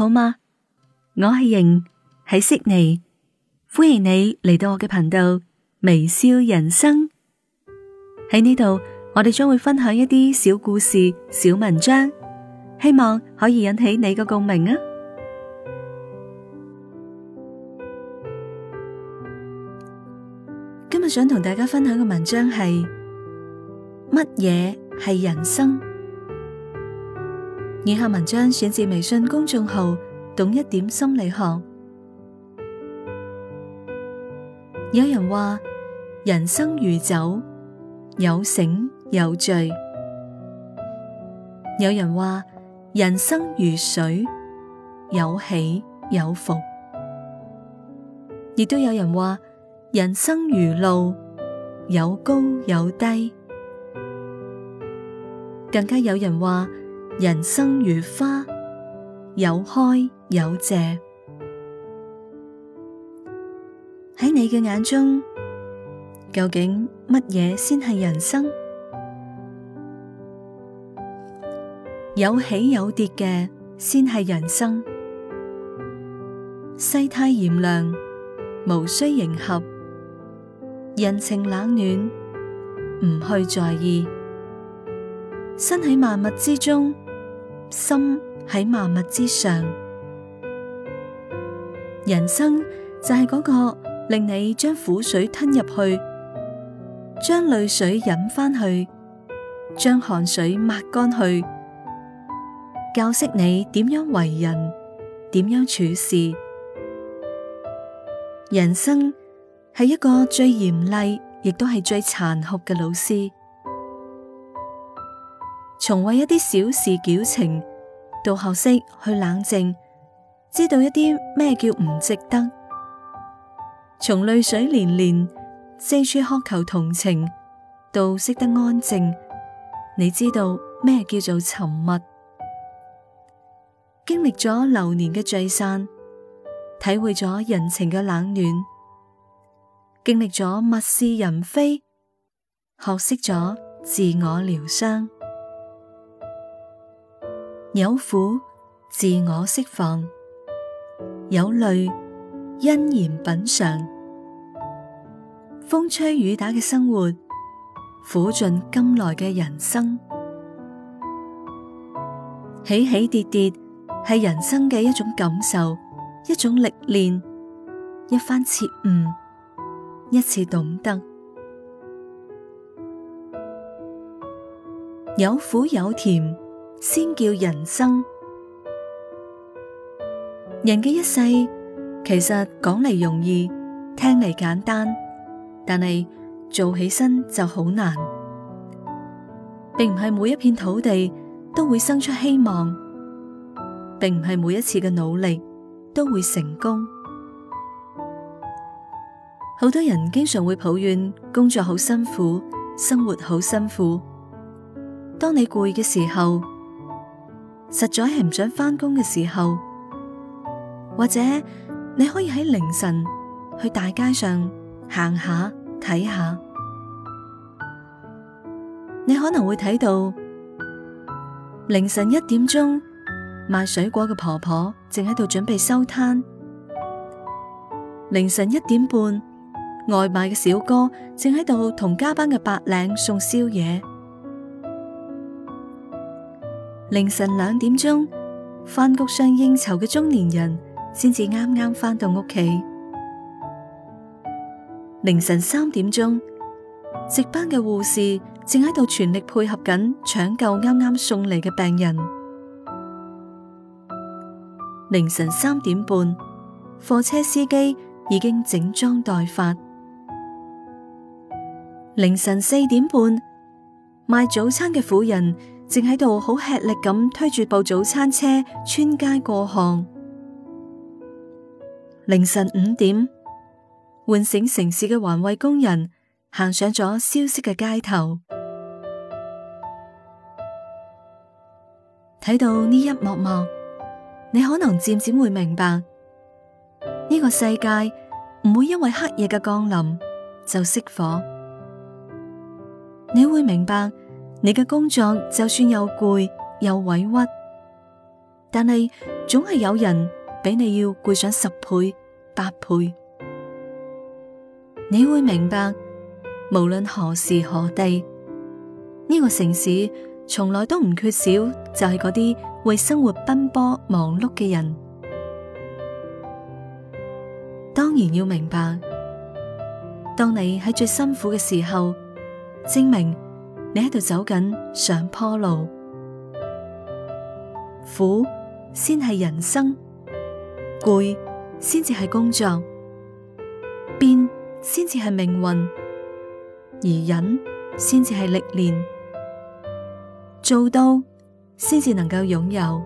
好嗎？我係瑩，喺悉尼，歡迎你嚟到我嘅頻道微笑人生。喺呢度，我哋將會分享一啲小故事、小文章，希望可以引起你嘅共鳴啊！今日想同大家分享嘅文章係乜嘢係人生？以下文章選自微信公眾號《懂一點心理學》。有人話人生如酒，有醒有醉；有人話人生如水，有起有伏；亦都有人話人生如路，有高有低。更加有人話。人生如花，有開有謝。喺你嘅眼中，究竟乜嘢先係人生？有起有跌嘅先係人生。世態炎涼，無需迎合；人情冷暖，唔去在意。身喺萬物之中。心喺萬物之上，人生就係嗰個令你將苦水吞入去，將淚水飲翻去，將汗水抹乾去，教識你點樣為人，點樣處事。人生係一個最嚴厲，亦都係最殘酷嘅老師。從為一啲小事矯情，到學識去冷靜，知道一啲咩叫唔值得；從淚水連連四處渴求同情，到識得安靜，你知道咩叫做沉默？經歷咗流年嘅聚散，體會咗人情嘅冷暖，經歷咗物是人非，學識咗自我療傷。有苦自我釋放，有淚欣然品嘗。風吹雨打嘅生活，苦盡甘來嘅人生，起起跌跌係人生嘅一種感受，一種歷練，一番切悟，一次懂得。有苦有甜，先叫人生，人嘅一世其實講嚟容易，聽嚟簡單，但係做起身就好難。並唔係每一片土地都會生出希望，並唔係每一次嘅努力都會成功。好多人經常會抱怨工作好辛苦，生活好辛苦。當你攰嘅時候。實在係唔想返工嘅時候，或者你可以喺凌晨去大街上行下睇下，你可能會睇到凌晨一點鐘賣水果嘅婆婆正喺度準備收攤，凌晨一點半外賣嘅小哥正喺度同加班嘅白領送宵夜。凌晨兩點鐘，飯局上應酬嘅中年人先至啱啱返到屋企。凌晨三點鐘，值班嘅護士正喺度全力配合緊搶救啱啱送嚟嘅病人。凌晨三點半，貨車司機已經整裝待發。凌晨四點半，賣早餐嘅婦人。正喺度好吃力咁推住部早餐車穿街過巷，凌晨五點，喚醒城市嘅環衛工人行上咗蕭瑟嘅街頭。睇到呢一幕幕，你可能漸漸會明白，呢、這個世界唔會因為黑夜嘅降臨就熄火。你會明白。你嘅工作就算又攰，又委屈，但係總係有人比你要攰上十倍、八倍。你會明白，無論何時何地，呢個城市從來都唔缺少，就係嗰啲為生活奔波忙碌嘅人。當然要明白，當你喺最辛苦嘅時候，證明。你喺度走緊上坡路，苦先係人生，攰先至係工作，變先至係命運，而忍先至係歷練，做到先至能夠擁有。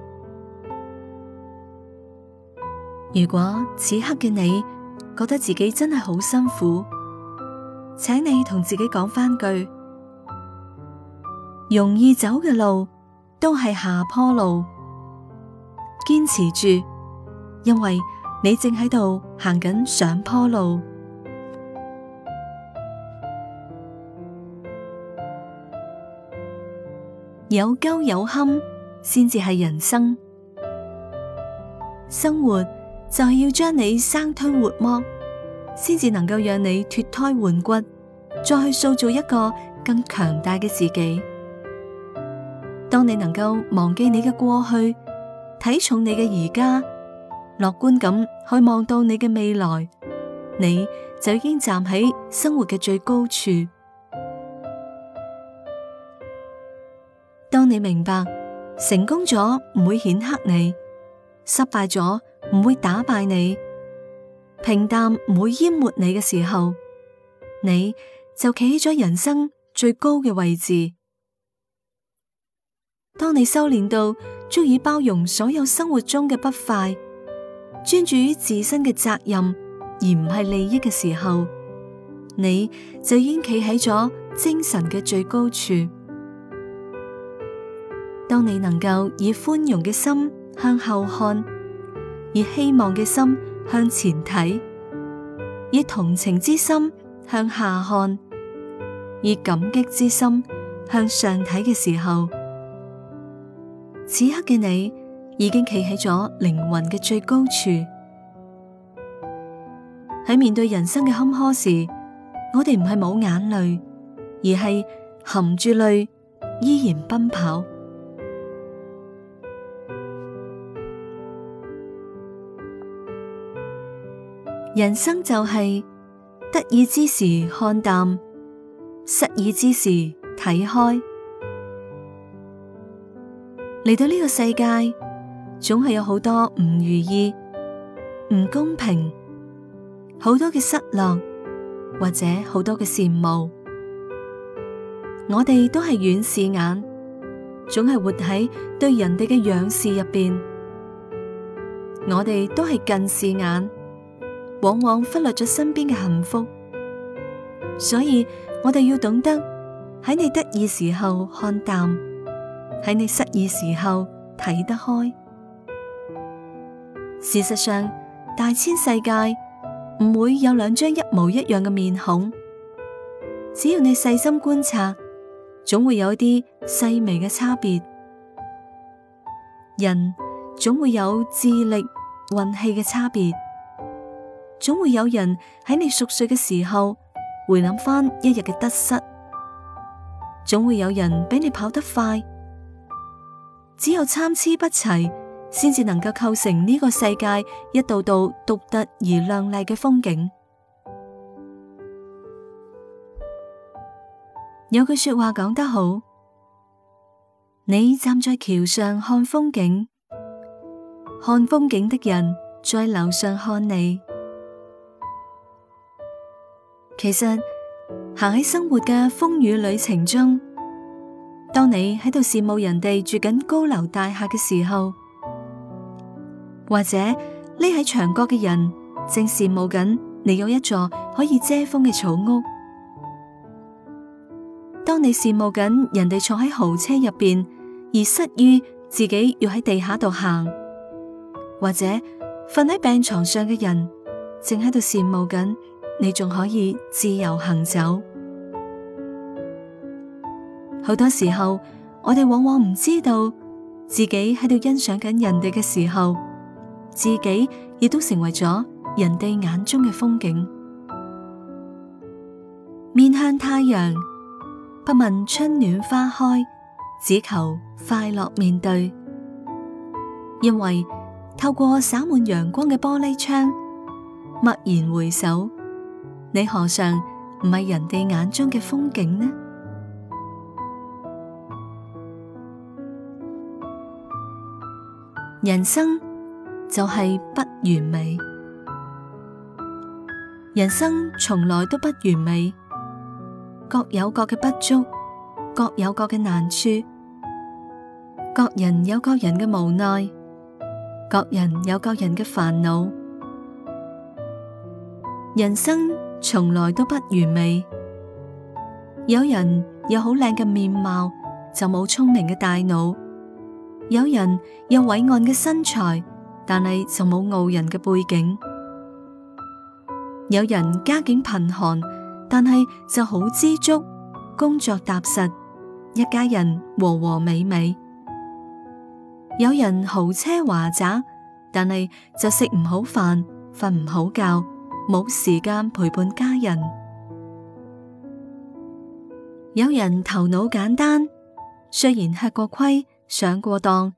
如果此刻嘅你覺得自己真係好辛苦，請你同自己講翻句。容易走嘅路都係下坡路，堅持住，因為你正喺度行緊上坡路， 有溝有坎先至係人生。生活就係、是、要將你生吞活剝，先至能夠讓你脫胎換骨，再去塑造一個更強大嘅自己。當你能夠忘記你嘅過去，睇重你嘅而家，樂觀咁去望到你嘅未來，你就已經站喺生活嘅最高處。當你明白成功咗唔會顯赫你，失敗咗唔會打敗你，平淡唔會淹沒你嘅時候，你就企喺咗人生最高嘅位置。當你修煉到足以包容所有生活中嘅不快，專注於自身嘅責任而唔係利益嘅時候，你就已經企喺咗精神嘅最高處。當你能夠以寬容嘅心向後看，以希望嘅心向前睇，以同情之心向下看，以感激之心向上睇嘅時候，此刻嘅你已經企喺咗靈魂嘅最高處。喺面對人生嘅坎坷時，我哋唔係冇眼淚，而係含住淚依然奔跑。人生就係得意之時看淡，失意之時睇開。嚟到呢個世界，總係有好多唔如意、唔公平，好多嘅失落或者好多嘅羨慕。我哋都係遠視眼，總係活喺對人哋嘅仰視入邊；我哋都係近視眼，往往忽略咗身邊嘅幸福。所以我哋要懂得喺你得意時候看淡。喺你失意時候睇得開。事實上，大千世界唔會有兩張一模一樣嘅面孔。只要你細心觀察，總會有一啲細微嘅差別。人總會有智力運氣嘅差別，總會有人喺你熟睡嘅時候回諗翻一日嘅得失，總會有人比你跑得快。只有參差不齊，先至能夠構成呢個世界一道道獨特而亮麗嘅風景。有句話說話講得好：你站在橋上看風景，看風景的人在樓上看你。其實行喺生活嘅風雨旅程中。當你喺度羨慕人哋住緊高樓大廈嘅時候，或者匿喺牆角嘅人正羨慕緊你有一座可以遮風嘅草屋；當你羨慕緊人哋坐喺豪車入邊，而失於自己要喺地下度行；或者瞓喺病床上嘅人正喺度羨慕緊你仲可以自由行走。好多時候，我哋往往唔知道自己喺度欣賞緊人哋嘅時候，自己亦都成為咗人哋眼中嘅風景。面向太陽，不問春暖花開，只求快樂面對。因為透過灑滿陽光嘅玻璃窗，驀然回首，你何嘗唔係人哋眼中嘅風景呢？人生就係不完美，人生從來都不完美，各有各嘅不足，各有各嘅難處，各人有各人嘅無奈，各人有各人嘅煩惱，人生從來都不完美。有人有好靚嘅面貌，就冇聰明嘅大腦。有人有偉岸嘅身材，但係就冇傲人嘅背景；有人家境貧寒，但係就好知足，工作踏實，一家人和和美美；有人豪車華宅，但係就食唔好飯，瞓唔好覺，冇時間陪伴家人；有人頭腦簡單，雖然吃過虧，上過當，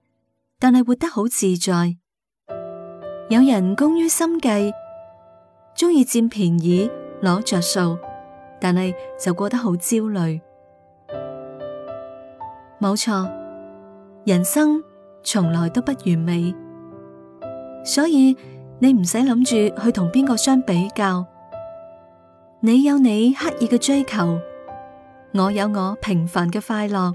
但係活得好自在。有人工於心計，中意占便宜，攞着數，但係就過得好焦慮。冇錯，人生從來都不完美，所以你唔使諗住去同邊個相比較。你有你刻意嘅追求，我有我平凡嘅快樂。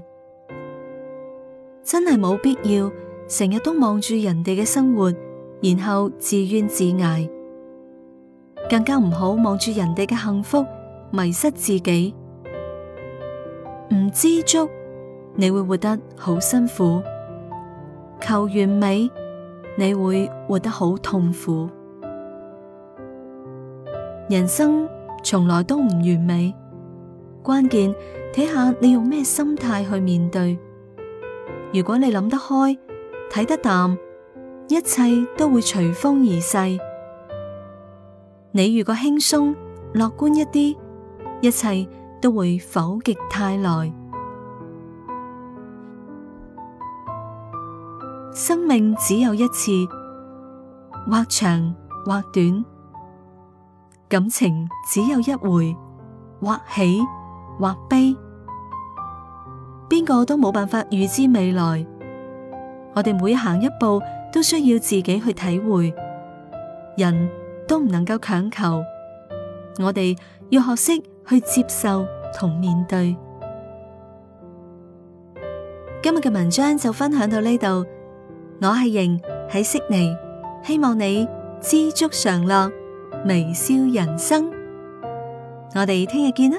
真係冇必要成日都望住人哋嘅生活，然後自怨自艾，更加唔好望住人哋嘅幸福，迷失自己。唔知足，你會活得好辛苦，求完美，你會活得好痛苦。人生從來都唔完美，關鍵睇下你用咩心態去面對。如果你諗得開，睇得淡，一切都會隨風而逝。你如果輕鬆、樂觀一啲，一切都會否極泰來。生命只有一次，或長或短；感情只有一回，或喜或悲。邊個都冇辦法預知未來，我哋每行一步都需要自己去體會，人都唔能夠強求，我哋要學識去接受同面對。今日嘅文章就分享到呢度，我係瑩，喺悉尼，希望你知足常樂，微笑人生。我哋聽日見啦。